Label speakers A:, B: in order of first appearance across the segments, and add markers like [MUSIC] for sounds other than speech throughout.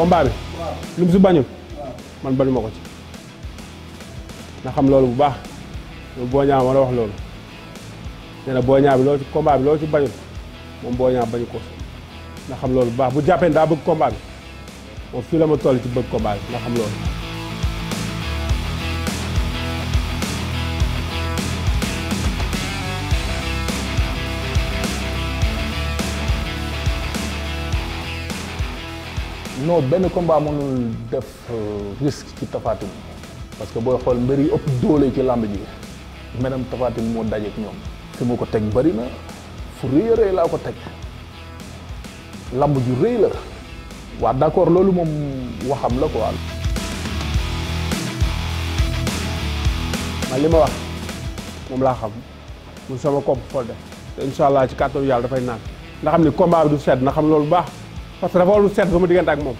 A: combat bi. lu mu si bañul. man bañu ma ko ci. na xam loolu bu baax loolu boo ma la wax loolu nee na boo ñaaw bi loolu ci combat bi loolu ci bañul moom boo ñaaw bañu ko na xam loolu bu baax bu jàppee daa bëgg combat bi moom fii la ma toll ci bëgg combat bi na
B: xam loolu. non benn combat mënul def euh, risque ci Tapha parce que booy xool mbir yi ëpp doole ci làmb ji menam Tapha moo dajeek ñoom fi mu ko teg bëri na fu rëy a rëy laa ko teg làmb ju rëy la waa d'accord loolu moom waxam la quoi. man li ma wax
A: moom laa xam mu sama kopp xool de te incha ci kàttan yàlla dafay naan nga xam ni combat bi du sedd na xam loolu baax. parce que dafa war lu sedd sama diggante ak moom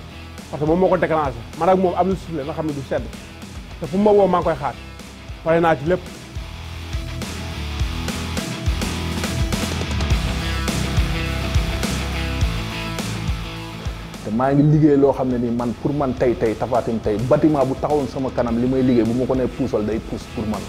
A: parce que moom moo ko déclenché man ak moom am lu sifle nga xam ne du sedd te fu ma woo maa koy xaar pare naa ci lépp
B: te maa ngi liggéey loo xam ne nii man pour man tey tey Tapha Tine tey bâtiment bu taxawoon sama kanam li may liggéey bu ma ko nee puusal day puus pour man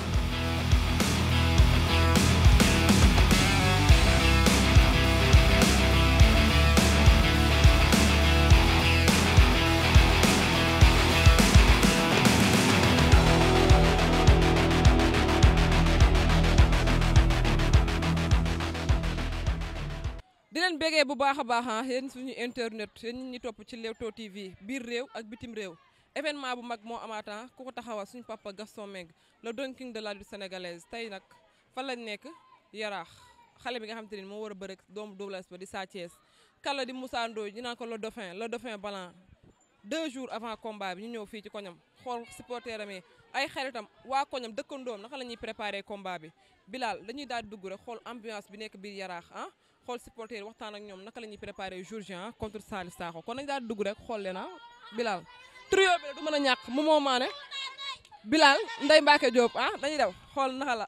C: bu baax a baax ah yéen suñu internet yéen ñi topp ci Leewtoo TV biir réew ak bitim réew événement bu mag moo amaata ah, ku ko taxawal suñu papa Gaston Mbengue le Don King de la lutte sénégalaise tey nag fan lañ nekk yaraax xale bi nga xam ne moo war a bëre doomu Double Less ba di Sa Thiès kala di Moussa Ndoye ñu naan ko la dauphin le dauphin blanc deux jours avant combat bi ñu ñëw fii ci koñam xool supporter am yi ay xaritam waa koñam dëkkandoom naka la ñuy préparé combat bi Bilal dañuy daal dugg rek xool ambiance bi nekk biir yaraax ah xool supporter waxtaan ak ñoom naka la ñuy préparé jour J ah, contre Salif Sakho kon a daal dugg rek xool leen ah Bilal trio bi du mën a ñàkk mu moo maane Bilal Ndeye Mbacke Diop ah dañuy dem xool naka la.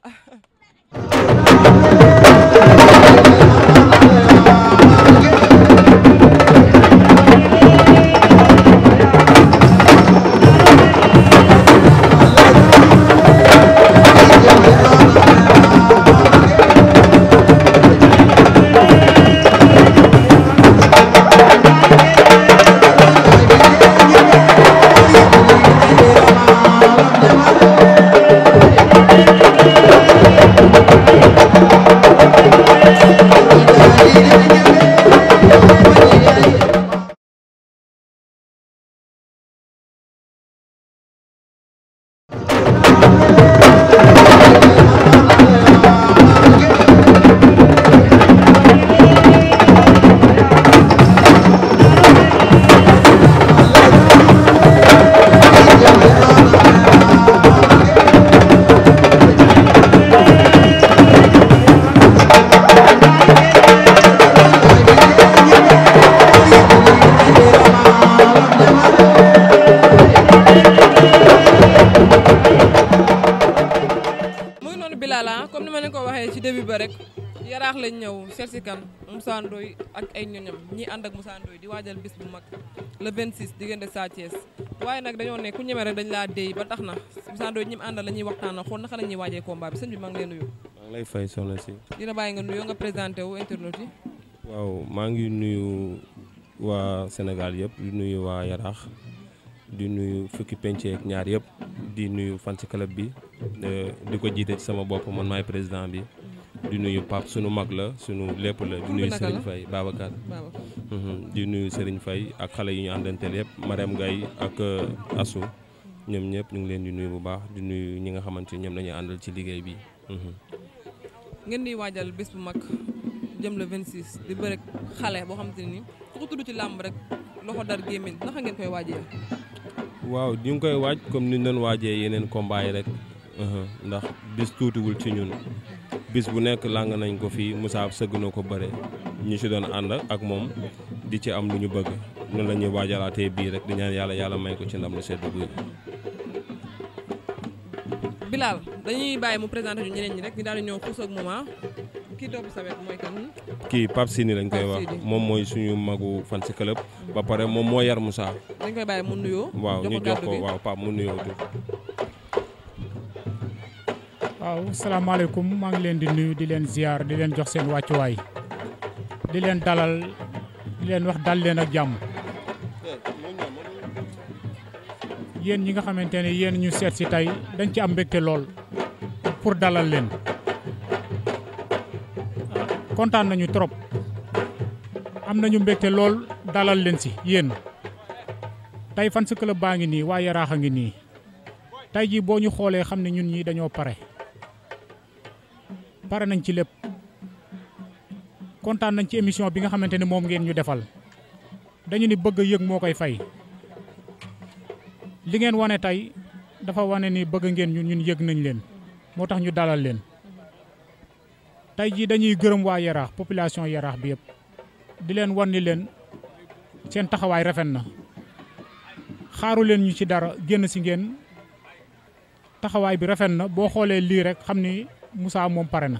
C: [LAUGHS] Thank you. kan Moussa Ndoye ak ay ñoñam ñi ànd ak Moussa Ndoye di waajal bis bu mag le 26 diggante Sa Thiès waaye nag dañoo ne ku ñeme rek dañ laa déy ba tax na Moussa Ndoye ñi mu àndal la ñuy waxtaana xool naka la ñuy waajee combat bi sëñ bi maa ngi lay nuyu.
D: maa
C: bàyyi nga nuyoo nga présenté wu internet yi.
D: waaw maa ngi nuyu waa Sénégal yëpp di nuyu waa Yaraax di nuyu fukki pencee ak ñaar yëpp di nuyu fan si club bi eh, di ko jiite ci sama bopp man maay président bi. di nuyu Pape sunu mag la sunu lépp la di mhm, nuyu Serigne Faye Babacar di nuyu Serigne fay ak xale yu ñu àndanteel yëpp Marème Gaye ak euh, Assou ñoom ñëpp ñu ngi leen di nuyu bu baax di nuyu ñi nga xamante ñoom lañuy àndal ci liggéey bi mhm.
C: ngeen di waajal bés bu mag jëm le 26 di bëre xale boo xamante ni ku ko tudd ci làmb rek loxo dar gémmiñ naka ngeen koy waajee
D: waaw ñu ngi koy waaj comme ni doon waajee yeneen combat yi rek mhm, ndax bés tuutiwul ci ñun bis bu nekk làng nañ ko fii Moussa sëgg na ko bare ñu si doon ànd ak moom di ci am lu ñu bëgg noonu la ñuy waajalaatee bii rek di ñaan yàlla yàlla may ko ci ndam lu sedd guy.
C: Bilal dañuy bàyyi mu présenté ñu ñeneen ñi rek ñu daal di ñëw xuus ak moment ah. kii topp sa wet mooy kan.
D: kii Pape koy wax moom mooy suñu magu fan si club ba pare moom moo yar musaa
E: dañ mu nuyoo. waaw ñu jox ko
D: waaw Pape mu nuyoo
E: waaw salaamaaleykum maa ngi leen di nuyu di leen ziar di leen jox seen wàccuwaay di leen dalal di leen wax dal leen ak jàmm yéen ñi nga xamante ne yéen ñu seet si tey dañ ci am mbégte lool pour dalal leen kontaan nañu trop am nañu mbégte lool dalal leen si yéen tey fan si club baa ngi nii waa Yaraax a ngi nii tey jii boo ñu xoolee xam ne ñun ñii dañoo pare pare nañ ci lépp kontaan nañ ci émission bi nga xamante ni moom ngeen ñu defal dañu ni bëgg yëg moo koy fay li ngeen wane tey dafa wane ni bëgg ngeen ñu ñun yég nañ leen moo tax ñu dalal leen tey jii dañuy gërëm waa yaraax population yaraax bi yépp di leen wan ni leen seen taxawaay rafet na xaaru leen ñu ci dara génn si ngeen taxawaay bi rafet na boo xoolee lii rek xam ni Moussa moom pare na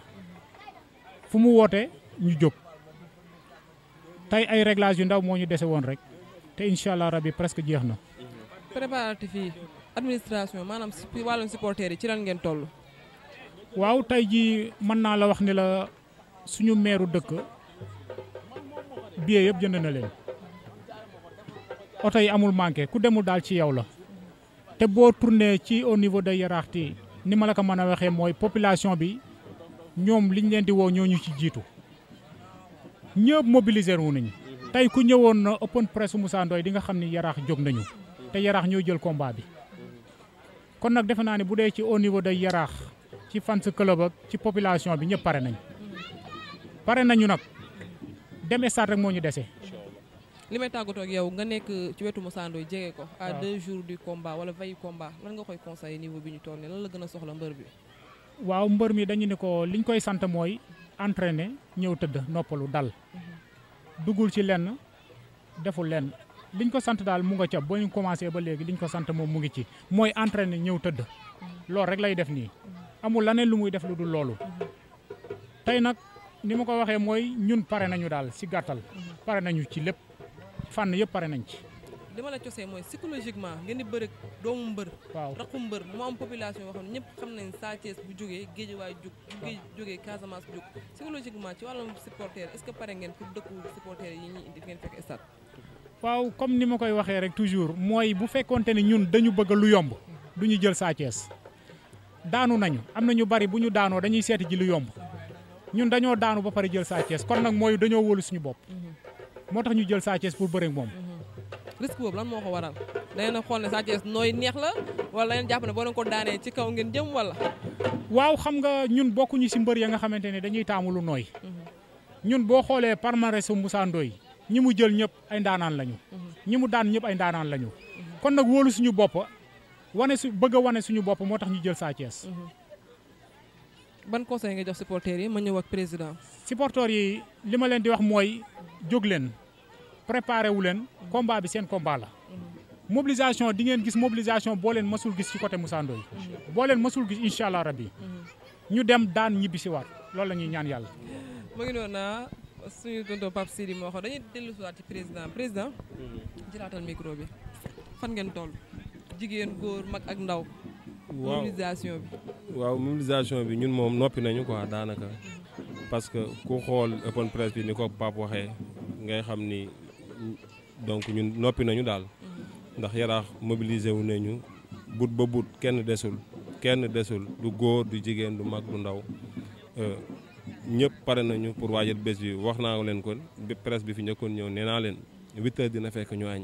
E: fu mu woote ñu jóg tey ay réglage yu ndaw moo ñu dese woon rek te incha allah rabi presque jeex na.
C: préparatif fii administration maanaam si wàllum supporters yi ci lan ngeen toll.
E: waaw tey jii mën naa la wax ni la suñu meeru dëkk billet yëpp jënd na leen oto yi amul manqué ku demu daal ci yow la te boo tourné ci au niveau de hiérarchie ni ma la ko mën a waxee mooy population bi ñoom liñ leen di woo ñooñu ci jiitu ñëpp mobiliser wu nañu. tey ku ñëwoon na open press Moussa dinga xam ni yaraax jóg nañu te yaraax ñoo jël kombaa bi kon nag defe naa ne bu dee ci au niveau de yaraax ci fans club ci population bi ñëpp pare nañ pare nañu nag dem stade rek moo ñu dese.
C: li may tàggatoo ak yow nga nekk ci wetu Moussa Ndoye jege ko. à deux jours du combat wala veille combat lan nga koy conseillé niveau bi ñu toll nii lan la gën a soxla mbër bi.
E: waaw mbër mi dañu ne ko liñ koy sant mooy entraîner ñëw tëdd noppalu dal. Mhm. duggul ci lenn deful lenn liñ ko sant daal mu nga ca boo ñu commencé ba léegi liñ ko sant moom mu ngi ci mooy entraîner ñëw tëdd. Mhm. loolu rek lay def nii. Mhm. amul leneen lu muy def lu dul loolu. tey nag ni ma ko waxee mooy ñun pare nañu daal si gàttal. nañu ci lépp. fànn yëpp pare nañ ci.
C: li ma la cosee mooy psychologiquement ngeen di bëri doomu mbër. waaw raqu mbër mu am population yoo xam ne ñëpp xam nañ Sa bu jógee Guédiawaye jóg bu géej jógee Casamance jóg psychologiquement ci wàllum supporter est-ce que pare ngeen pour dëkku supporter yi ñuy
E: indi ngeen fekk stade. waaw comme ni ma koy waxee rek toujours mooy bu fekkonte ne ñun dañu bëgg lu yomb du ñu jël Sa Thiès daanu nañu am na ñu bari bu ñu daanoo dañuy seeti ji lu yomb ñun dañoo daanu ba pare jël Sa Thiès kon nag mooy dañoo wóolu suñu bopp. moo tax ñu jël Sa Thiès pour bëre moom. Mhm.
C: risque boobu lan moo ko waral da ngeen xool ne Sa Thiès nooy neex la wala da ngeen jàpp ne boo doon ko daanee ci kaw ngeen jëm wala.
E: waaw xam nga ñun bokkuñu si mbër ya nga xamante ne dañuy taamu lu nooy. Mhm. ñun boo xoolee palmarès su Moussa Ndoye ñi mu jël ñëpp ay ndaanaan lañu. Mhm. ñi mu daan ñëpp ay ndaanaan lañu. kon nag wóolu suñu bopp wane su bëgg wane suñu bopp moo tax ñu jël Sa ban conseil nga jox supporters yi ma ñëw ak président. supporters yi li ma leen di wax mooy jóg leen. préparé wu leen combat bi seen combat la mobilisation di ngeen gis mobilisation boo leen mësul gis ci côté Moussa boo leen mësul gis incha allah rabbi ñu dem daan ñibbi si waat loolu la ñuy ñaan yàlla
C: mu ngi noonu ah, suñu tonton Pape Sidi moo xam dañuy dellu si waat ci président président jëlaatal micro bi fan ngeen toll jigéen góor mag ak ndaw waaw mobilisation
D: bi waaw mobilisation bi ñun moom noppi nañu quoi daanaka parce que ku xool open presse bi ni ko xam ni donc ñun noppi nañu daal ndax yaraax mobilisé wu ñu but ba but kenn desul kenn desul du góor du jigéen du mag du ndaw euh, ñëpp pare nañu pour waajal bés bi wax naa leen ko kon presse bi fi njëkkoon ñëw nee naa leen huit heures dina fekk ñu añ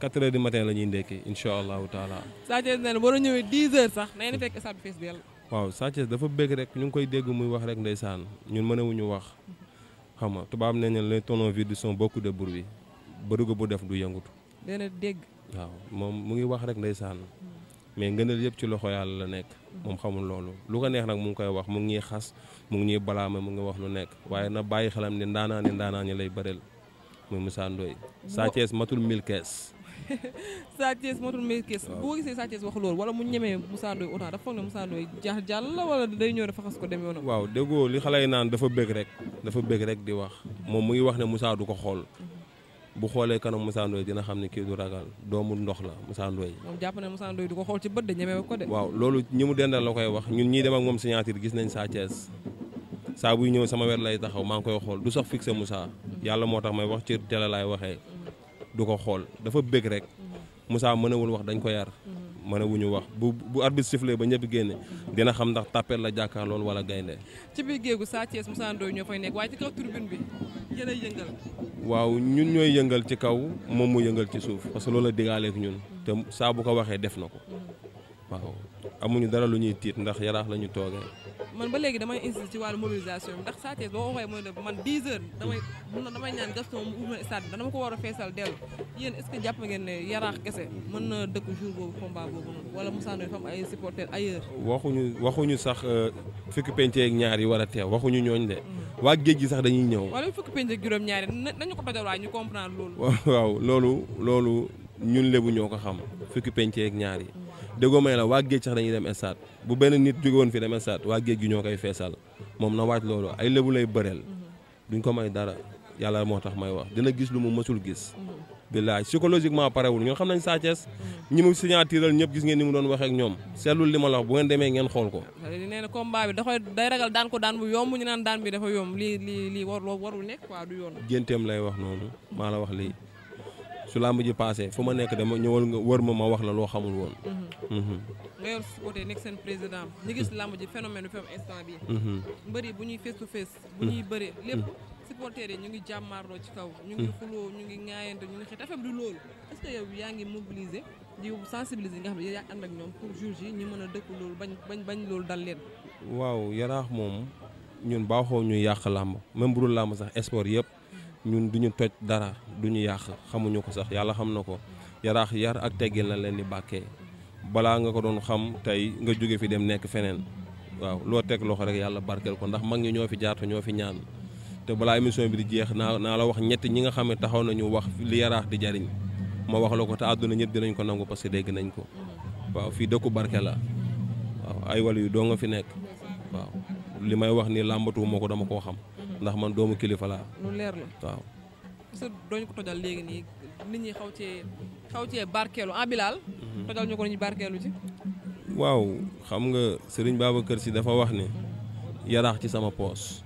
D: quatre heures du matin la ñuy ndekki incha allah taala.
C: Sa Thiès nee na war a ñëwee dix heures sax nee na fekk stade bi fees
D: waaw Sa dafa bëgg rek ñu ngi koy dégg muy wax rek sànn ñun ñu wax xam nga tubaab nee nañ les tonneaux vides sont beaucoup de bruit bërigo bu def du yëngutu dana dégg waaw moom mu ngi wax rek ndeysaan mais ngënal yëpp ci loxo yàlla la nekk moom xamul loolu lu ko neex nag mu ngi koy wax mu ngi ñuy xas mu ngi ñuy balaama mu ngi wax lu nekk waaye na bàyyi xelam ni ndaanaa ni lay bëreel muy Moussa Ndoye Sa matul mille kees
C: Sa Thiès matul mille kees [LAUGHS] loolu wala mu ñemee Moussa Ndoye autant dafa foog ne Moussa la wala day ñëw xas ko dem
D: waaw déggoo li xale yi naan dafa bëgg rek dafa bëgg rek di wax moom mu ngi wax ne Moussa du ko xool mhm. bu xoolee kanam Moussa Ndoye dina xam ne kii du ragal doomu ndox la Moussa Ndoye.
C: moom jàpp na Moussa du ko xool ci bët de ñeme ko de. waaw
D: loolu ñi mu dendal la koy wax ñun ñii dem ak moom signature gis nañ Sa Thiès saa buy ñëw sama wet lay taxaw maa ngi koy xool du sax fixé Moussa yàlla moo tax may wax ci télé laay waxee du ko xool dafa bëgg rek Moussa mënewul wax dañ ko yar mën a wuñu wax bu bu arbitre sifflé ba ñëpp génne dina xam ndax tàppet la jàkkaar loolu wala gaynde
C: ci biir géegu Sa Thiès Moussa Ndoye ñoo fay nekk waaye ci kaw tribune bi yéen a yëngal
D: waaw ñun ñooy yëngal ci kaw moom mu yëngal ci suuf parce que loolu la digaaleek ñun te saa bu ko waxee def na ko
C: mm-hmm.
D: waaw amuñu dara lu ñuy tiit ndax yaraax la ñu toogee.
C: man ba léegi damay insiste ci wàllu mobilisation bi ndax Sa Thiès boo waxee mooy man 10 heures damay mun damay ñaan Gaston mu ubbi stade bi dama ko war a feesal dellu yéen est-ce jàpp ngeen ne yaraax kese mën na dëkk jour boobu combat boobu noonu wala Moussa Ndoye fam ay supporters ailleurs.
D: waxuñu waxuñu sax euh, fukki peñcee ak ñaar yi war a teew waxuñu ñooñ de. waa géej gi sax dañuy ñëw.
C: wala fukki peñcee ak juróom-ñaar yi ko dajal waa ñu
F: comprendre loolu. [LAUGHS]
D: waaw loolu loolu ñun lébu ñoo ko xam fukki peñcee ñaar yi déggoo may la waa géej sax dañuy dem stade bu benn nit jóge woon fi dem stade waa géej gi ñoo koy feesal moom na waaj loolu ay lébu lay bëreel duñ ko may dara yàlla moo tax may wax dina gis lu mu mësul gis billaay psychologiquement parewul ñun xam nañ Sa Thiès ñi mu signatural ñëpp gis ngeen ni mu doon waxeek ñoom seetlul li ma la wax bu ngeen demee ngeen xool ko
C: nee na combat bi da koy day ragal daan ko daan bu yomb ñu naan daan bi dafa yomb lii lii lii war warul nekk quoi yoon
D: génteem lay wax noonu maa la wax lii su làmb ji paasee fu ma nekk dama ñëwal nga wër ma ma wax la loo xamul woon. Mm-hmm. Mm-hmm.
C: nga yor su côté nekk seen président ñu gis làmb ji phénomène bi fi am instant bii. Mm-hmm. bu ñuy face to face. bu ñuy bëree lépp. supporters yi ñu ngi jàmmaarloo ci kaw. ñu ngi xuloo ñu ngi ŋaayante ñu ngi xet affaire du loolu est yow yaa ngi mobiliser di sensibiliser nga xam ne yaa ànd ak ñoom pour jour yi ñu mën a dëkk loolu bañ bañ bañ loolu dal leen.
D: waaw yaraax moom ñun baaxoo ñu yàq làmb même bu dul làmb sax sport yëpp. ñun du ñu toj dara du ñu yàq xamuñu ko sax yàlla xam na ko yaraax yar ak teggil na leen di bàkkee balaa nga ko doon xam tey nga jóge fi dem nekk feneen waaw loo teg loxo rek yàlla barkeel ko ndax mag ñi ñoo fi jaatu ñoo fi ñaan te balaa émission bi di jeex naa naa la wax ñetti ñi nga xam ne taxaw nañu wax li yaraax di jariñ ma wax la ko te àdduna ñëpp dinañ ko nangu parce dégg nañ ko waaw fii dëkku barke la waaw ay wàll yu doo nga fi nekk waaw li may wax ni làmbatuwuma ko dama koo xam ndax man doomu kilifa laa. lu leer la waaw.
F: est-ce
C: que xaw cee xaw cee barkeelu en ah, bilaal. Mhm. tojal ñi barkeelu ci.
D: waaw xam nga sëriñ Babacar si dafa wax ne yaraax ci sama poos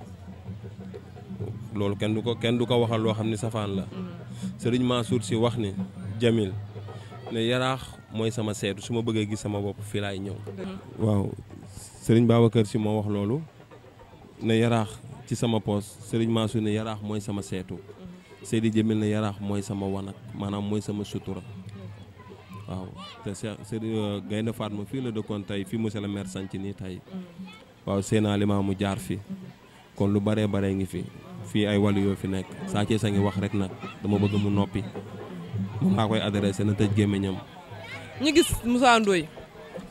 D: loolu kenn du ko kenn du ko waxal loo xam ne safaan la mhm. sëriñ Mansour si wax ne Jamil ne yaraax mooy sama seetu su ma bëggee gis sama bopp fii laay ñëw. Mhm. waaw sëriñ kër si moo wax loolu ne yaraax ci sama poos Serigne Mansour ne yaraax mooy sama seetu mhm. Seydi Jëmil ne yaraax mooy sama wanag maanaam mooy sama sutura waaw te Seydi euh, Gaynde Fatma fii la dëkkoon tey fii monsieur le maire sanc nii tey mhm. waaw Seydina Limaamu jaar fi mhm. kon lu baree baree ngi fi fii ay wàllu yoo fi nekk saa cee sa ngi wax rek nag dama bëgg mu noppi moom laa koy adressé na tëj
C: ñu gis Moussa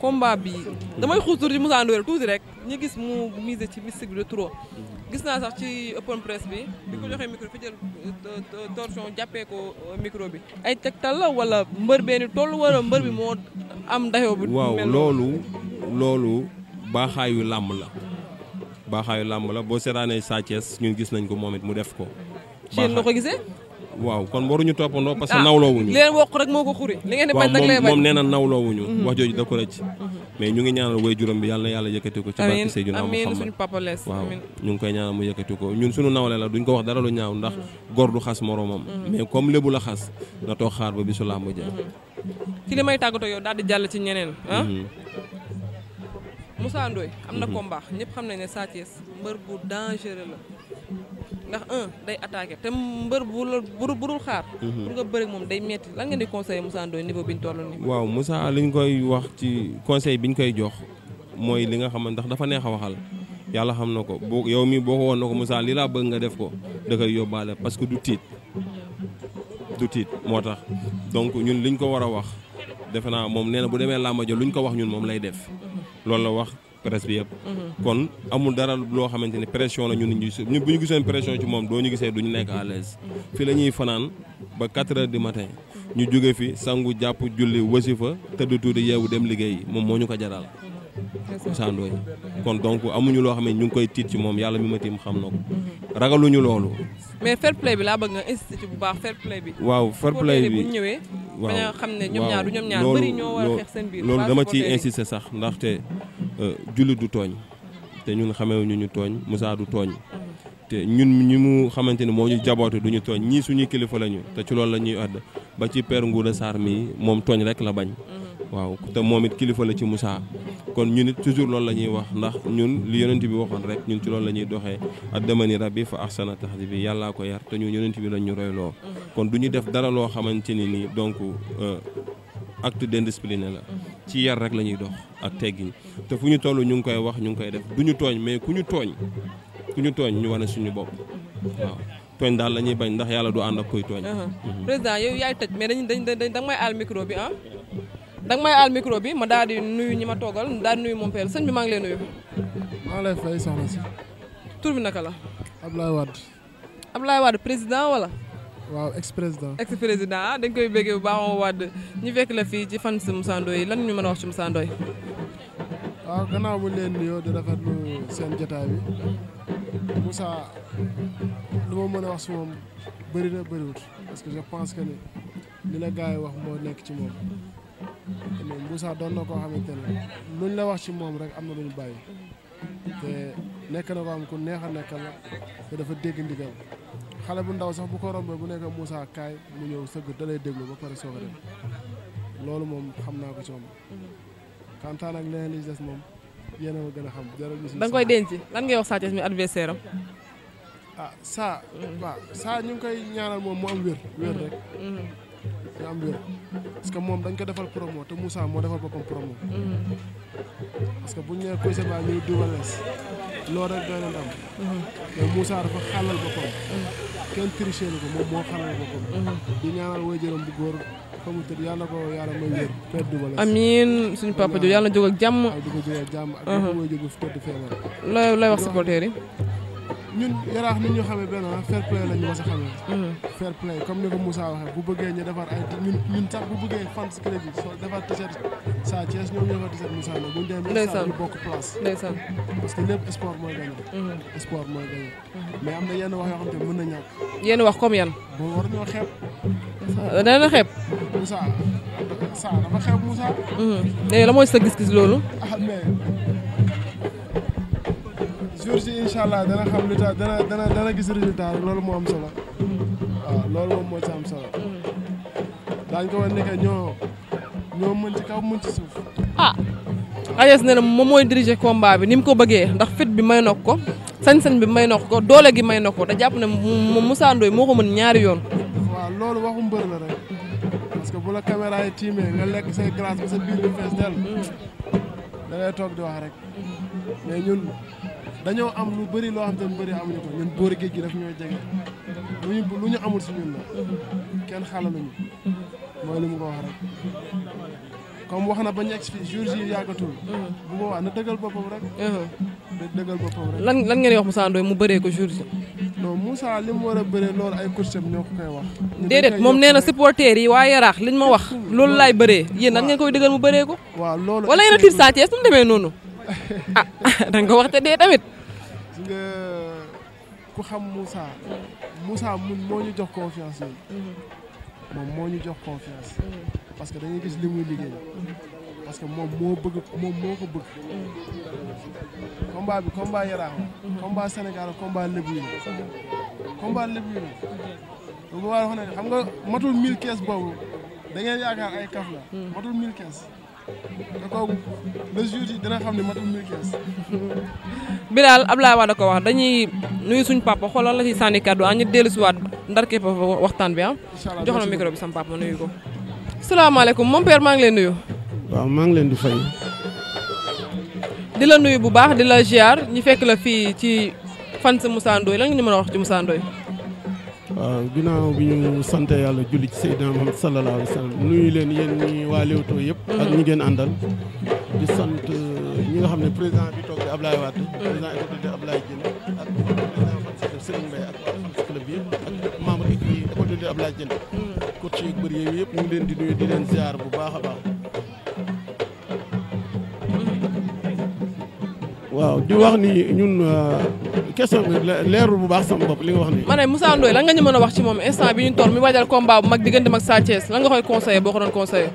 C: combat bi damay xuus tuuti Moussa Ndoye tuuti rek ñu gis mu mise ci mystique bi de trop gis naa sax ci open press bi bi ko joxee micro fi jël euh, euh, torsion jàppee ko euh, micro bi ay tegtal la wala mbër bee ni toll mbër bi moo am
D: dayoo bi waaw loolu loolu baaxaayu làmb la baaxaayu làmb la boo seetaanee Sa ñu gis nañ ko moom it mu def ko ci yéen ko gisee waaw kon waruñu toppandoo parce que ah, nawloowuñu li leen
C: wokk rek moo ko xuri li ngeen di bañ nag lay bañ moom nee na
D: nawloowuñu mhm. wax jooju da ko rëcc mhm. mais ñu ngi ñaanal way juróom bi yàlla yàlla yëkkati ci nawle la duñ ko wax dara lu ñaaw ndax mhm. góor du xas moroomam mais comme lébu la xas na toog xaar ba bisu làmb ja
C: ci li may tàggatoo yow daal jàll ci ñeneen ah Moussa Ndoye am na combat ñëpp xam nañ ne Sa Thiès mbër bu dangereux la ndax un day attaqué te mbër bu la burul xaar. Mhm. pour nga bëri moom day metti lan ngeen di conseillé Moussa Ndoye niveau bi ñu toll nii.
D: waaw Moussa li ñu koy wax ci conseil bi ñu koy jox mooy li nga xam ndax dafa neex a waxal yàlla xam na ko boo yow mii boo ko woon na ko Moussa lii laa bëgg nga def ko da koy yóbbaale parce que du tiit du tiit moo tax donc ñun li ñu ko war a wax defe naa moom nee na bu demee laa làmba jo luñ ko wax ñun moom lay def mhm. loolu la wax. presse bi yëpp. Mhm. kon amul dara loo xamante ni pression la ñu ñu gis bu ñu gisoon pression ci moom doo ñu gisee du ñu nekk à l'aise mhm. fi fanaan ba 4 heures matin mhm. ñu jóge fi sangu jàpp julli wasifa tëdd tuuti yeewu dem liggéey moom moo ñu ko jaral. Moussa kon donc amuñu loo xam ne ñu ngi koy tiit ci moom yàlla mi ma tiim xam na ko ragaluñu loolu.
C: mais fair play bi laa bëgg nga institut bu baax fair play bi. waaw fair play bi bu ñëwee waaw a xam ne ñoom ñaar du ñoom ñaar bëri ñoo
D: loolu dama ciy insister sax ndaxte euh, jullit du tooñ te ñun xamewuñu ñu tooñ Moussa du tooñ mhm. te ñun ñi mu xamante ni moo ñu jabootu du ñu tooñ ñii suñuy kilifa lañu te ci loolu la ñuy àdd ba ci per père Ngouda Sarr mi moom tooñ rek la bañ mhm. waaw te moom it kilifa la ci Moussa kon ñun it toujours loolu la ñuy wax ndax ñun li yonent bi waxoon rek ñun ci loolu la ñuy doxee ak demani rabbi fa ahsana tahdibi yàllaa ko yar te ñun yonent bi lañ ñu royloo mhm. kon du ñu def dara loo xamante ni nii donc euh, acte d'indiscipline la ci yar rek la ñuy dox ak teggin te fu ñu toll ñu ngi koy wax ñu ngi koy def du ñu tooñ mais ku ñu tooñ ku ñu tooñ ñu wane suñu bopp waaw tooñ daal la ñuy bañ ndax yàlla du ànd ak koy tooñ. Uh-huh. Mhm.
C: président yow yaay tëj mais dañ dañ danga may aal micro bi ah. danga may ma daal di nuyu ñi ma toogal daal di nuyu mon sëñ bi maa ngi lay nuyu.
G: maa lay fay soxna si.
C: tur bi naka la. Ablaye Wade. Ablaye Wade président wala.
G: waaw ex président
C: ex président ah dañ koy béggee bu baax moo wàdd ñu fekk la fii ci fan si Moussa yi lan ñu mën a wax ci Moussa Ndoye
G: waaw gannaaw bu leen nuyoo di seen jotaay bi Moussa lu ma mën a wax si moom bëri na bëriwut parce que je pense que ni li la gars yi wax moo nekk ci moom mais Moussa doon na koo xamante ne luñ la wax ci moom rek am na luñ bàyyi te nekk na ko am ku neex a nekkal la te dafa dégg ndigal xale bu ndaw sax bu ko rombee bu nekk Moussa kaay mu ñëw sëgg dalay déglu ba pare soog a dem loolu moom xam naa ko ci moom. Kantaa nag leneen li des moom yéen a ma gën a xam jarul ñu si. da nga koy denc
C: lan ngay wax Sa Thiès
G: mi adversaire am. Ah, saa. ñu ngi koy ñaanal moom mu am wér. wér rek. que moom dañ ko defal promo te Moussa moo defal boppam promo. parce que bu ñu nee Kouy Seba ñuy dugal lees loolu rek doy leen am. Mm-hmm. mais Moussa dafa xàllal boppam. kenn triché ko moom moo xamal ko ko mhm. di ñaanal waajuram bu góor fa mu tëdd yàlla ko yàlla
C: jóg ak jàmm di ko jóg mhm. looy looy wax supporters yi
G: ñun yaraax ni ñu xamee benn ah, fair play la ñu mas a xamee. Mm-hmm. fair play comme ni ko Moussa waxee bu bëggee ñu defar ay ñun ñun sax bu bëggee fan si soo defar t-shirt Sa Thiès ñoom ñu defar t-shirt Moussa la bu ñu demee ñu bokk place. parce que lépp sport mooy gagné. Mm-hmm. mooy gagné. Mm-hmm. mais am na yenn wax yoo xam te mën na ñàkk. yenn wax comme yan. boo war ñoo xeeb. dana la xeeb. Moussa Sa dafa xeeb Moussa. léegi la mooy sa gis-gis loolu. Ah, jour si incha allah dana xam li dana gis résultat rek loolu moo am solo waaw loolu moom moo ci am solo daañu ko wane que ñoo mën ci kaw mën ci suuf.
C: ah Agnès nee na moom mooy dirige combat bi ni mu ko bëggee ndax fit bi may nokk ko sañ-sañ bi may nokk ko doole gi may nokk ko da jàpp ne moom Moussa Ndoye moo ko mën ñaari yoon.
G: waaw loolu waxu mbër la rek parce que bu la caméra yi nga lekk say glace ba sa biir bi fees dell da di wax rek mais dañoo am lu bëri loo xam ko ñun boori géej gi daf ñoo jege lu ñu lu ñu amul si ñun la kenn xalaluñu mooy li mu ko wax wax na bañ expliqué jour ji yàggatul uh-huh. bu boobaa na dëggal boppam rek uh-huh. dëggal boppam rek lan lan ngeen
C: wax Moussa Ndoye mu bëree ko jour ji
G: non Moussa li mu war a bëree loolu ay coacham ñoo ko koy wax déedéet moom nee
C: na supporters yi waa yaraax liñ ma wax hmm. loolu laay bëree yéen lan ngeen koy dëggal mu bëree ko
G: waaw loolu wala yéen
C: tiit Sa Thiès nu mu demee noonu [LAUGHS] ah, ah danga ko wax te dee tamit
G: ku xam Moussa. Moussa mun moo ñu jox confiance yooyu. moom moo ñu jox confiance. parce que dañuy gis li muy liggéey. parce que moom moo bëgg moom moo ko bëgg.
F: combat bi combat yaraax la.
G: combat Sénégal combat lébu yi la. combat lébu yi la. bu boobaa wax ne xam nga matul mille caisse boobu da ngeen yaakaar ay kaf la. matul mille caisse. te kooku le jour yi dina ne matul muy kees.
C: Bilal Ablaye ko wax dañuy nuyu suñ papa xoolal la ci sànni kàddu ah ñu dellusiwaat ndar képp waxtaan bi am ah. jox la micro bi sam papa nuyu ko. salaamaaleykum mon père maa ngi leen nuyu.
H: waaw maa ngi leen di fay.
C: di la nuyu bu baax di la ziar ñu fekk la fii ci fan sa Moussa Ndoye lan nga ñu mën a wax ci Moussa Ndoye.
H: waaw ginnaaw bi ñu sant yàlla julli ci Seydina Muhammad sallallahu alayhi wa sallam nuyu leen yéen ñi waa Leewtoo yëpp. Mhm. ak ñi ngeen àndal. di sant euh, ñi nga xam ne président bi toog di ab Wade. Mhm. président école Ablaye Dieng ak président fan Serigne Mbaye ak waa club yëpp ak membre yi école de Ablaye Dieng. Mhm. coach yi bëri yooyu yëpp ñu ngi leen di nuyu di leen ziar bu baax a baax. waaw di wax ni ñun. Euh, question bi leerul bu baax sama bopp li nga wax nii.
C: ma ne Moussa Ndoye lan nga ñu mën a wax ci moom instant bi ñu toll mi waajal combat mag diggante mag Sa lan nga koy conseillé boo ko doon conseillé.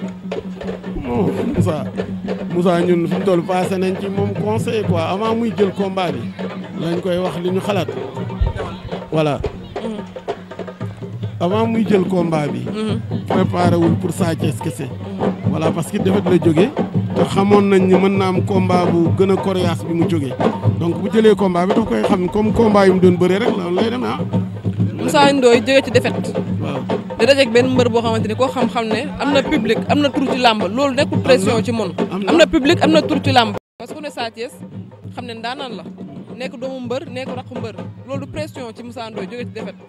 H: bon toll passé nañ ci moom conseil quoi avant muy jël combat bi lañ koy wax li ñu xalaat voilà. Mm-hmm. avant muy jël combat bi. Mm-hmm. wul pour Sa kese. Mm-hmm. voilà parce que defet la jógee te xamoon nañ ni mën naa am combat bu gën a coriace bi mu jóge donc bu jëlee combat bi daf koy xam comme combat yu mu doon bëree rek loolu lay dem ah.
C: Moussa Ndoye ci defet
H: waaw
C: da benn mbër boo xamante ni koo xam-xam ne am na public am na tur ci làmb loolu nekkul ci moom. am na public am na tur ci làmb. parce que ku ne Sa Thiès xam ne ndaanaan la nekk doomu mbër nekk rakku mbër loolu
H: pression ci Moussa Ndoye jógee ci défaite.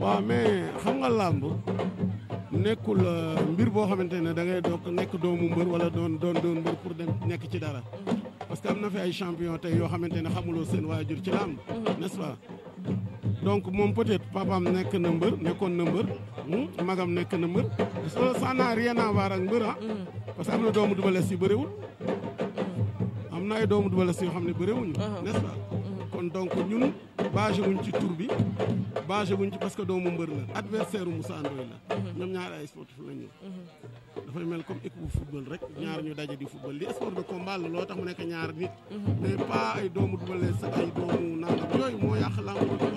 H: waaw mais xam nga làmb nekkul euh, mbir boo xamante ne da ngay doog nekk doomu mbër wala doon doon doon mbër pour dem nekk ci dara. am na fi ay champion tey yoo xamante ne xamuloo seen waajur ci làmb mhm. n'est-ce pas donc moom peut-être papaam nekk na mbër nekkoon na mbër hmm, magam nekk na mbër parce que ça n'a rien ak mbër a ah? mhm. parce que am na doomu Double Less yu mhm. am na ay doomu Double Less yoo xam ne bëriwuñu uh-huh. n'est-ce kon donc ñun basé wuñ ci tur bi basé wuñ ci parce que doomu mbër la adversaire u Moussa Ndoye la ñoom ñaari ay sportif la ñu dafay mel comme équipe bu football rek ñaar ñu daje di football li sport de combat la loo tax mu nekk ñaar nit mais pas ay doomu dubalee sa ay doomu nangam yooyu moo yàq lamb mbër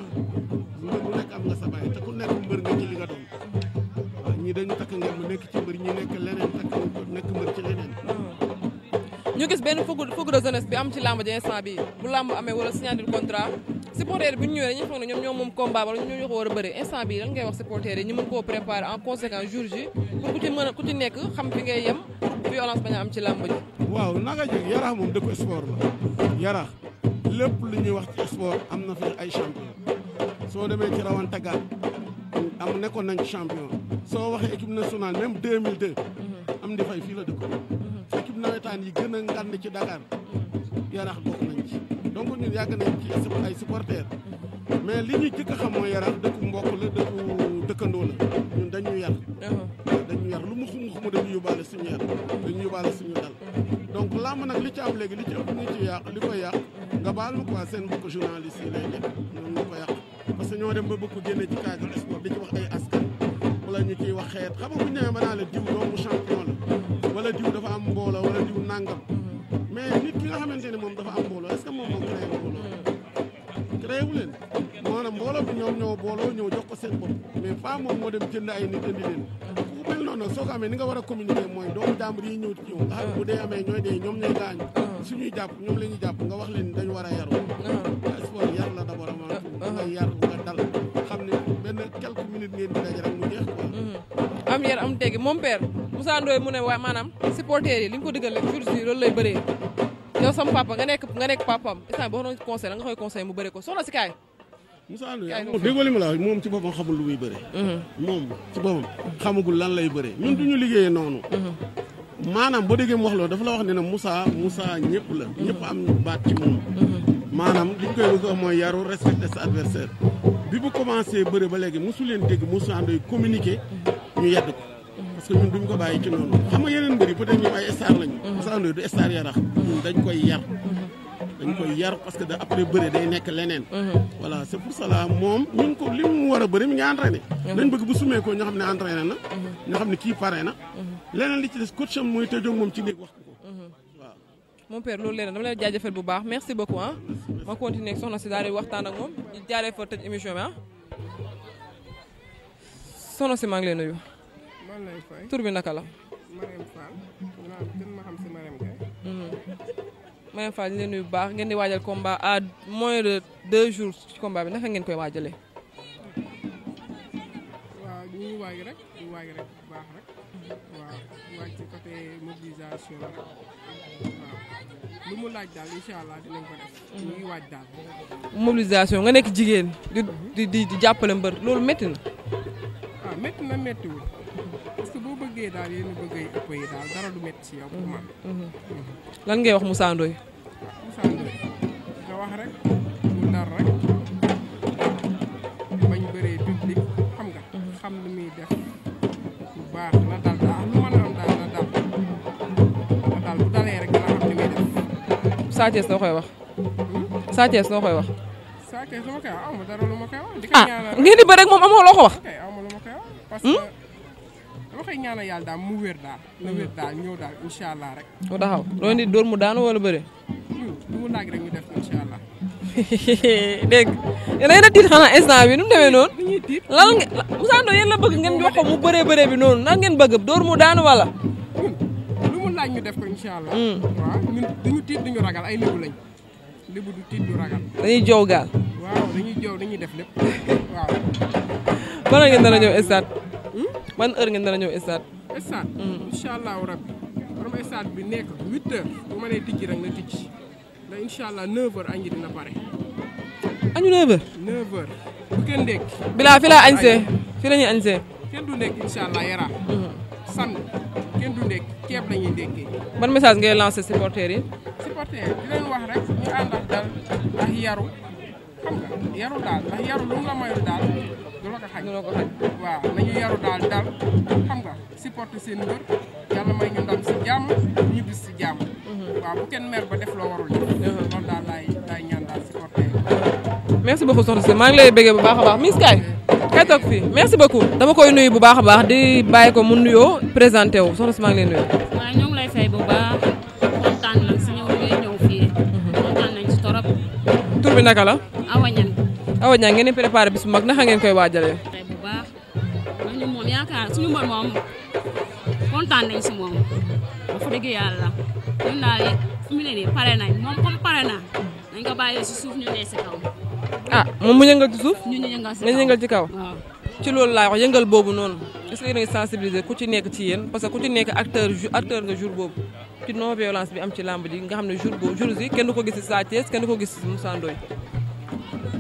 H: nekk am nga sa baay te ku nekk mbër nga ci li nga doon waaw ñii dañu takk ngemb nekk ci mbër ñi nekk leneen takk nekk mbër ci leneen hmm.
C: ñu gis benn fougue de jeunesse bi am ci lamb ji instant bi bu lamb amee wala signé contrat supporter bu ñu ñëwee dañuy foog ne ñoom ñoo moom combat wala ñoo ñoo ko war a bëri instant bi lan ngay wax supporter yi ñu mën koo préparer en conséquence jour ji pour ku ci mën a ku ci nekk xam fi ngay yem violence bañ a am ci
H: làmb ji waaw naa nga jóg yaraax moom dëkk sport la yaraax lépp lu ñuy wax ci sport am na fi ay champion soo demee ci rawan taggaat am nekkoon nañ champion soo waxee équipe nationale même 2002 mhm. am di fay fii la dëkk mhm. équipe nawetaan yi gën a ngand ci Dakar yaraax bokk nañ ci donc ñun yàgg nañ ci ay supporters mais li ñuy jëkk xam mooy yaraax dëkku mbokk la dëkku dëkkandoo la ñun dañu yar uh-huh. dañu yar lu mu xum xum dañu yóbbaale suñu yar dañu yóbbaale suñu dal uh-huh. donc làmb nag li ci am léegi li ci ëpp ñu ci yàq li ko yàq nga baal ma quoi seen mbokk journaliste yi lay nekk ñoom ñu ko yàq parce que ñoo dem ba bëgg génne ci kaagal sport di ci wax ay askan wala ñu kiy wax xeet xam nga bu ñu demee ba naa la diw doomu champion la wala diw dafa am mbooloo wala nàngam nga xamante ne moom dafa am mbooloo est que moom moo créé leen maanaam mbooloo bi ñoom ñoo booloo ñëw jox ko seen bopp mais pas moom moo dem ko amee ni nga war a mooy doomu jàmbur yi ñëw ci ñëw nga xam bu dee amee ah. jàpp ñoom la ñuy jàpp nga wax leen dañu war a ah. yar la d'abord ama ah. nga yar nga dal xam ne benn quelques minutes ngeen di daje rek
C: mu jeex mm-hmm. mu ne waaye maanaam supporters yi li ñu ko digal rek jour loolu lay bëree yow sama papa nga nekk nga nekk papaam instant boo doon conseil la nga koy conseil mu bëri ko soxna si kaay. Moussa déggoo li ma la
H: moom ci boppam xamul lu muy bëri. Mhm. moom ci boppam xamagul lan lay bëri ñun du ñu liggéeyee noonu. Mhm. maanaam boo déggee mu wax loolu dafa la wax ne ne Moussa musaa ñëpp la. Mhm. ñëpp am baat ci moom. maanaam li ñu koy bëgg mooy yaru respecter sa adversaire bi bu commencé bëri ba léegi mosu leen dégg Moussa Ndoye communiqué ñu yedd ko. parce que ñun duñ ko bàyyi ci noonu xam nga yeneen mbir parce que da après bëre day nekk leneen. voilà c'est pour cela moom ñu a bëri mi ngi entraîné. dañ bëgg bu sumee xam ne entraîné na. xam ne kii pare na. leneen li ci des coach am mooy moom ci néeg wax
C: ko. waaw. mon père loolu leneen dama lay jaajëfal bu baax merci beaucoup ma continuer ak soxna si daal di waxtaan ak moom ñu jaaree fa tëj émission bi ah. soxna si maa ngi lay man lay fay tur bi naka la. Marème Fall dinaa gën mhm. baax ngeen di waajal combat à de deux jours bi naka ngeen koy waajalee.
I: waaw mu laaj daal incha
C: mhm. nga nekk jigéen di di jàppale mbër loolu métti na.
I: waaw ah, métti parce que boo bëggee daal yéen bëgg ay ëpp yi daal dara du métti ci yow. man.
F: Mhm, mhm.
C: lan ngay wax Moussa Ndoye.
I: Moussa wax rek mu dar rek bañ bëree public xam nga. Mhm. lu
F: muy def baax la dal daal
C: lu dalee rek dana xam li muy def. koy wax. Hmm? Sa soo koy wax. Sa Thiès koy wax
I: ah ngeen di bëri moom amoo loo ko wax. koy ñaanal yàlla daal mu wér daal. na wér daal ñëw daal incha allah
F: rek.
C: mu taxaw loolu nit dóor mu daanu wala bëre.
I: lu mu laaj rek ñu def incha allah.
C: [LAUGHS] a tiit xanaa instant bi nu mu demee noonu. [LAUGHS] dañuy tiit lan la bëgg ngeen jox ko mu bare bëree bi noonu lan ngeen bëgg dóor mu daanu wala. Hmm,
I: lu mu laaj ñu def ko incha allah. Hmm. waaw ñun duñu tiit duñu ragal ay lébu lañ lébu du tiit du ragal.
C: dañuy joow gaal.
I: waaw dañuy joow dañuy def lépp [LAUGHS] waaw.
C: bala ngeen dana ban heure ngeen dana ñëw stade.
I: stade. Mm. incha allahu rabbi borom stade bi nekk huit heures bu ma nee tijji rek na tijji ndax incha allah añ dina pare.
C: añu neuf heures.
I: bu kenn dégg. bilaa fi laa añsee fi la ñuy añsee. kenn du nekk incha allah yaraa. Mm-hmm. kenn du nekk ceeb la ñuy déggee. ban
C: message ngay lancé supporters yi.
I: supporters yi di wax rek ñu ànd ak dal ak yaru. yaru daal ndax yaru lu daal du la xam nga supporter seen mbër yàlla may ñu si jàmm ñu bis
F: si jàmm. Mhm. waaw bu kenn mer ba def loo warul def. Mhm. loolu daal laay
C: ñaan daal supporter mhm. merci beaucoup soxna si maa ngi lay bëggee bu baax a baax Miss Kaay kay toog fii merci beaucoup. dama koy nuyu bu baax a baax di bàyyi ko mu nuyoo présenté wu soxna si maa ngi lay nuyu. waaw ñoo lay fay bu
F: baax kontaan bi naka la. Awa Niang.
C: Awa Niang ngeen di préparé bis bu mag naka ngeen koy waajalee. bu baax ndax ñun moom yaakaar suñu mbër moom kontaan nañ si moom wax dëgg yàlla ñun daal fi mu ne nii pare nañ moom comme pare na nañ ko bàyyee si suuf ñu ne si kaw. ah moom mu yëngal ci suuf. ñu yëngal si kaw nga yëngal ci kaw. ci loolu laay wax yëngal boobu noonu. est-ce que yéen a ngi sensibiliser ku ci nekk ci yéen parce que ku ci nekk acteur acteur nga jour boobu ci non violence bi am ci làmb ji nga xam ne jour boobu jour bi kenn du ko gis si Sa Thiès kenn du ko gis si Moussa Ndoye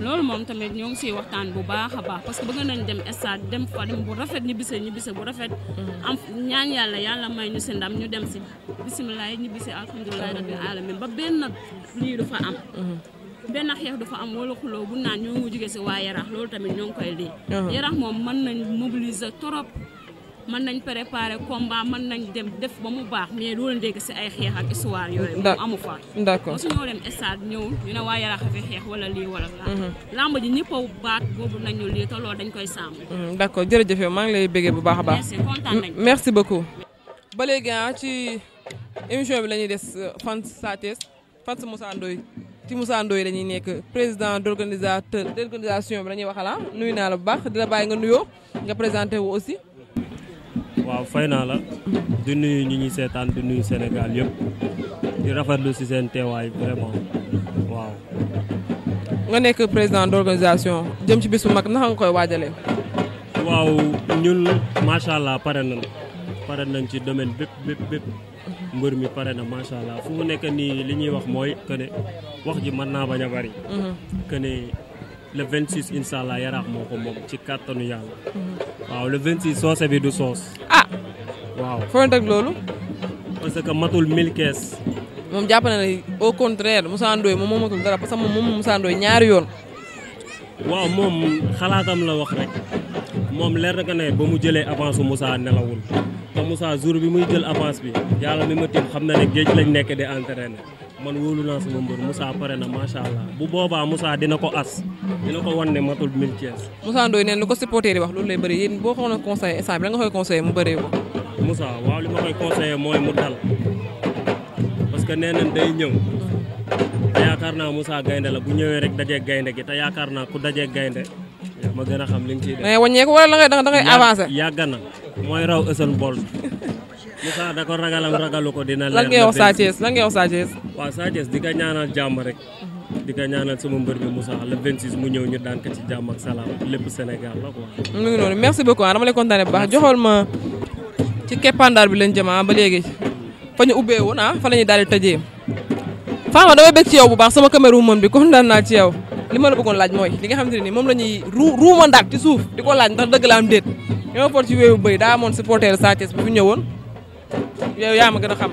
C: loolu moom tamit ñoo ngi siy waxtaan bu baax a baax parce que bëgg nañ dem stade dem fa dem bu rafet ñibbise ñibbise bu rafet. Mm-hmm. am ñaan yàlla yàlla may ñu si ndam ñu dem si bisimilah ñibbise alhamdulilah rabbil alamin ba benn lii du fa am. Mm-hmm. benn xeex dafa am wala xuloo bu naan ñoo ngi jóge si waa Yarax loolu tamit ñoo ngi koy lii. Mm-hmm. Yarax moom mën nañ mobiliser trop. mën nañ préparer combat mën nañ dem def ba mu baax mais doo leen si ay xeex ak histoire yooyu. moom amu fa. d'accord mosu ñoo dem stade ñëw ñu ne waa Yaraax fi xeex wala lii wala laa. Mhm. làmb ji ñëpp a baat boobu nañu lii te loolu dañ koy sàmm. Mhm, d'accord jërëjëf jëfe maa ngi lay bëggee bu baax baax. merci kontaan nañ merci beaucoup. ba léegi ah, ci émission bi la ñuy des euh, fan Sa Thiès fan Moussa Ndoye ci Moussa Ndoye la ñuy nekk président d'organisateur d'organisation bi la ñuy waxala ah. nuyu naa la bu baax di nga nuyoo
J: waaw fay naa la du nuyu ñu ñuy seetaan du nuyu Sénégal yëpp di rafetlu ci seen teewaay vraiment waaw. nga nekk président d'organisation jëm ci bis bu mag naka nga koy waajalee. waaw ñun macha allah pare nañ pare nañ ci domaine bépp bépp mbër mi pare na macha allah fu mu nekk nii li ñuy wax mooy que wax ji mën naa bañ a bari. Mhm. que le 26 incha allah yaraax moo ko moom ci kàttanu yàlla. waaw le 26 soose bi du soos. ah. waaw foo teg loolu. parce que matul 1000 kees.
C: moom jàpp na ne au contraire Moussa Ndoye moom moo matul dara parce que moom moom Moussa ñaari yoon.
J: waaw moom xalaatam la wax rek moom leer na ko ne ba mu jëlee avance su Moussa nelawul te musaa jour bi muy jël avance bi yàlla mi ma tiim xam na ne géej lañ nekk di entraîner. man wóolu naa sama mbër Moussa pare na macha allah bu boobaa musaa dina ko as dina ko wan ne matul mille Thiès. Moussa Ndoye neen lu ko supporter yi wax loolu lay bëri yéen boo ko waxoon conseil bi la nga koy conseillé mu bëree ko. waaw li ma koy conseillé mooy mu dal parce que nee nañ day ñëw te yaakaar naa Moussa gaynde la bu ñëwee rek dajee gaynde gi te yaakaar naa ku dajee gaynde ma gën a xam li nga ciy def. mais dangay dangay avancé. yàgg mooy raw ësën bool. [LAUGHS] Moussa da ko ragalam ragalu ko dina. lan ngay wax Sa sama mbër mu ñëw ñu daan ko ci jàmm ak salaam lépp Sénégal la quoi.
C: mu ngi noonu merci beaucoup ah, dama lay kontaanee bu baax joxool ma ci keppandaar bi lañ jëmaa ah, ba ñu ubbee woon ah fa la ñuy daal di tëjee. Fama dama bëgg ci yow bu baax sama caméra mën bi ci yow li ma la bëggoon laaj mooy li nga xamante ne nii moom la ñuy ruu ruumandaat ci suuf di ko laaj ndax dëgg la am déet li ma for ci wéewu bëy daa amoon supporter Sa Thiès bu fi ñëwoon yow yaa ma gën a xam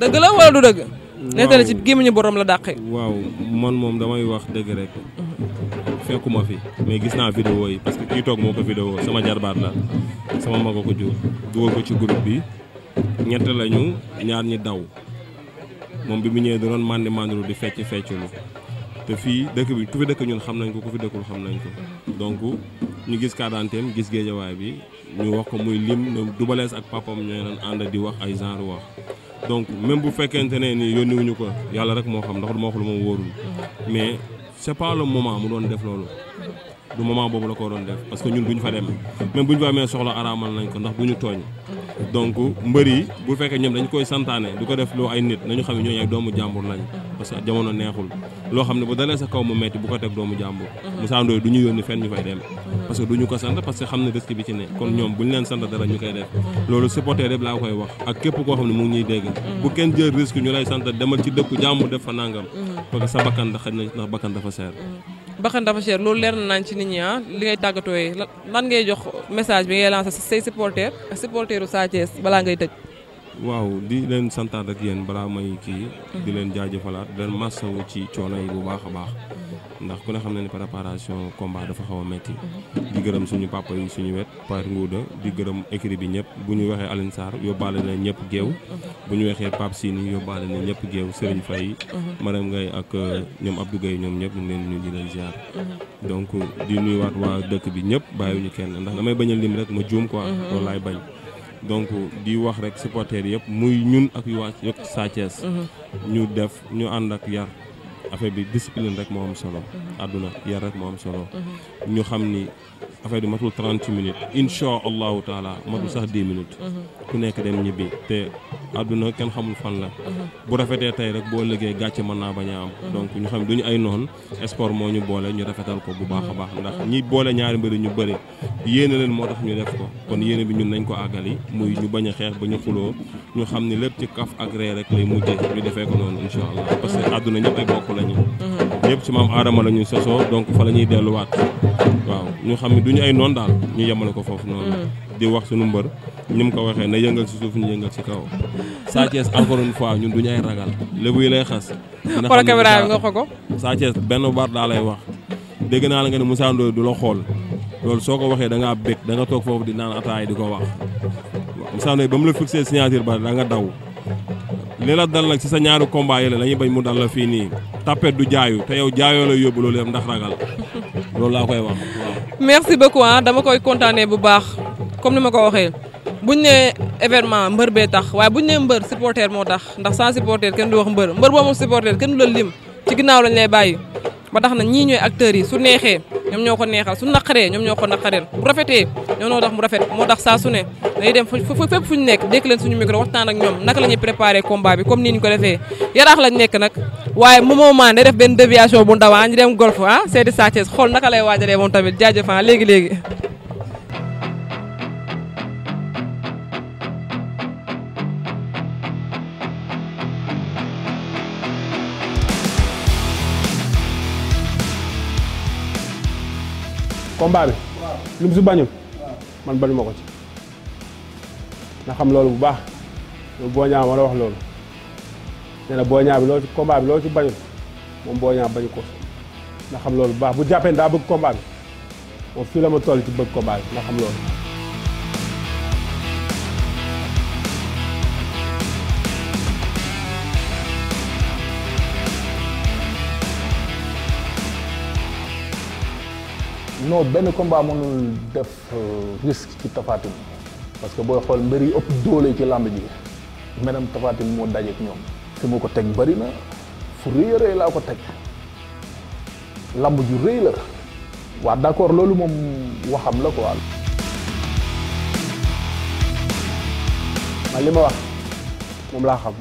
C: dëgg la wala du dëgg.
D: nettali ci gémmiñu boroom la dàq waaw man moom damay wax dëgg rek. fekkuma fi mais gis naa vidéo yi parce que kii toog moo ko vidéo sama jarbaat la sama mago ko jur dugal ko ci groupe bi ñett lañu ñaar ñi daw moom bi mu ñëwee danoon doon màndi màndilu di fecc fecculu te fii dëkk bi ku fi dëkk ñun xam nañ ko ku fi dëkkul xam nañ ko donc ñu gis kaadaanteem gis géejawaay bi ñu wax ko muy lim ne du ak papam ñooy naan ànd di wax ay genre wax donc même bu fekkente ne ni yónniwuñu ko yàlla rek moo xam ndax du ma wax lu ma wóorul mais c'est pas le mu doon def loolu du moment boobu la ko waroon def parce que ñun bu ñu fa dem même bu ñu fa amee soxla araamal nañ ko ndax bu ñu tooñ donc mbër yi bu fekkee ñoom dañ koy santaane du ko def loo ay nit nañu xam ne ñooñu doomu jàmbur lañ parce que jamono neexul loo xam ne bu dalee sa kaw mu metti bu ko teg doomu jàmbur Moussa Ndoye du ñu yónni fenn ñu fay dem parce que du ñu ko sant parce xam ne risque bi ci ne kon ñoom bu ñu leen sant dara ñu koy def loolu supporter yëpp laa koy wax ak képp koo xam ne mu ngi ñuy dégg bu kenn jël risque ñu lay mm-hmm. bakkan dafa seer
C: bakkan dafa cher loolu leer na naan ci nit ñi ah li ngay tàggatoo lan ngay jox message bi ngay lancé say supporter ak supporteru Sa Thiès balaa ngay tëj
D: waaw di leen santaat ak yéen balaa may kii. di leen jaajëfalaat di leen massawu ci coono yi bu baax a baax. ndax ku ne xam na ne préparation combat dafa xaw a metti di gërëm suñu papa yi suñu wet Père Ngouda di gërëm écrit bi ñëpp bu ñu waxee Alioune Sarr yóbbaale na ñëpp géew. bu ñu waxee Pape Sini yóbbaale na ñëpp géew Serigne Faye. Marème Ngaye ak ñoom Abdou yi ñoom ñëpp ñu leen nuyu di leen ziar. donc di nuyuwaat waa dëkk bi ñëpp bàyyiwuñu kenn ndax damay bañ a lim rek ma juum quoi. Mhm. loolu laay bañ. donc di wax rek supporters yëpp muy ñun ak yu wàcc yokk Sa mhm. ñu def ñu ànd ak yar affaire bi discipline rek moo am solo mhm. àdduna yar rek moo am solo
F: mhm.
D: ñu xam ni affaire bi matul trente minutes incha allahu taala matul sax dix minutes mhm. ku nekk dem ñibbi te àdduna kenn xamul fan la mhm. bu rafetee tey rek boo liggéey gàcce mën naa bañ am mhm. donc ñu xam du ñu ay noon sport moo ñu boole ñu rafetal ko bu baax a baax ndax ñi boole ñaari mbir ñu bëri yéene leen moo tax ñu def ko kon yéene bi ñun nañ ko àggali muy ñu bañ a xeex ba ñu xuloo ñu xam ni lépp ci kaf ak ree rek lay mujjee ñu defee ko noonu incha allah parce que àdduna ñëpp ay bokk lañu ñëpp ci maam aadama la ñu sosoo donc fa la ñuy delluwaat waaw ñu xam ne du ñu ay noon daal ñu yemale ko foofu noonu mm. di wax suñu mbër ñu mu ko waxee na yëngal si suuf ñu yëngal ci kaw Sa Thiès encore une fois ñun du ñu ay ragal lébu yi lay xas xool caméra bi nga xoo ko Sa Thiès benn baat daa lay wax dégg naa la nga ne Moussa du la xool loolu soo ko waxee da ngaa bég da nga toog foofu di naan ataay di ko wax Moussa Ndoye ba mu la fixé signature ba da nga daw li la dal nag ci sa ñaari combat la la ñuy mu dal la fii nii tapet du jaayu te yow jaayoo la yóbbu loolu yëpp ndax ragal loolu laa koy wax waaw. merci beaucoup ah dama koy kontaanee bu baax comme ni ma
C: ko waxee buñ ne événement mbër bee tax waaye buñ ne mbër supporter moo tax ndax sans supporter kenn du wax mbër mbër boo moom supporter kenn du la lim ci ginnaaw lañu lay bàyyi ba tax na ñii ñooy acteur yi su neexee ñoom ñoo ko neexal su naqaree ñoom ñoo ko naqareel bu rafetee ñoo tax mu rafet moo tax saa su ne dañuy dem fu fépp fu ñu nekk dékk leen suñu micro waxtaan ak ñoom naka la ñuy préparé combat bi comme nii ñu ko defee yaraax lañ nekk nag waaye moomoman day benn déviation bu ndaw ah ñu dem golf ah seeti Sa Thiès xool naka lay waajalee moom tamit jaajëf ah léegi
A: lu mu si bañul man bañu ma ko ci na xam loolu bu baax loolu booñaa ma la wax loolu nee na booñaa bi loolu ci combat bi loolu ci bañul moom booñaa bañu ko na xam loolu bu baax bu jàppee daa bëgg combat bi moom fii la ma toll ci bëgg combat bi na xam loolu
B: non benn combat mënul def euh, risque ci Tapha parce que booy xool mbër yi ëpp doole ci làmb ji menam Tapha Tine moo dajeek ñoom fi ma ko teg bëri na fu rëy a rëy laa ko teg làmb ju rëy la waa d'accord loolu moom waxam la ko quoi. man li ma wax moom laa xam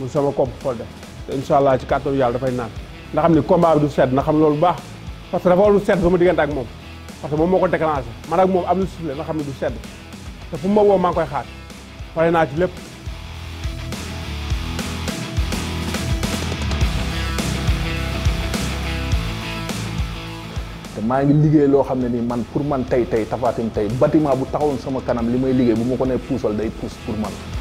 B: mu
A: sama kopp fol de te ci kàttanu yàlla dafay naan nga xam ni combat bi du sedd na xam loolu baax. parce que dafa war lu sedd sama diggante ak moom parce que moom moo ko déclenché man ak moom am lu sifle nga xam ne du sedd te fu maa ngi koy xaar pare naa ci lépp
B: te maa liggéey loo xam ne nii man pour man tey tey Tapha Tine tey bâtiment bu taxawoon sama kanam li may liggéey bu ma ko nee puusal day puus pour man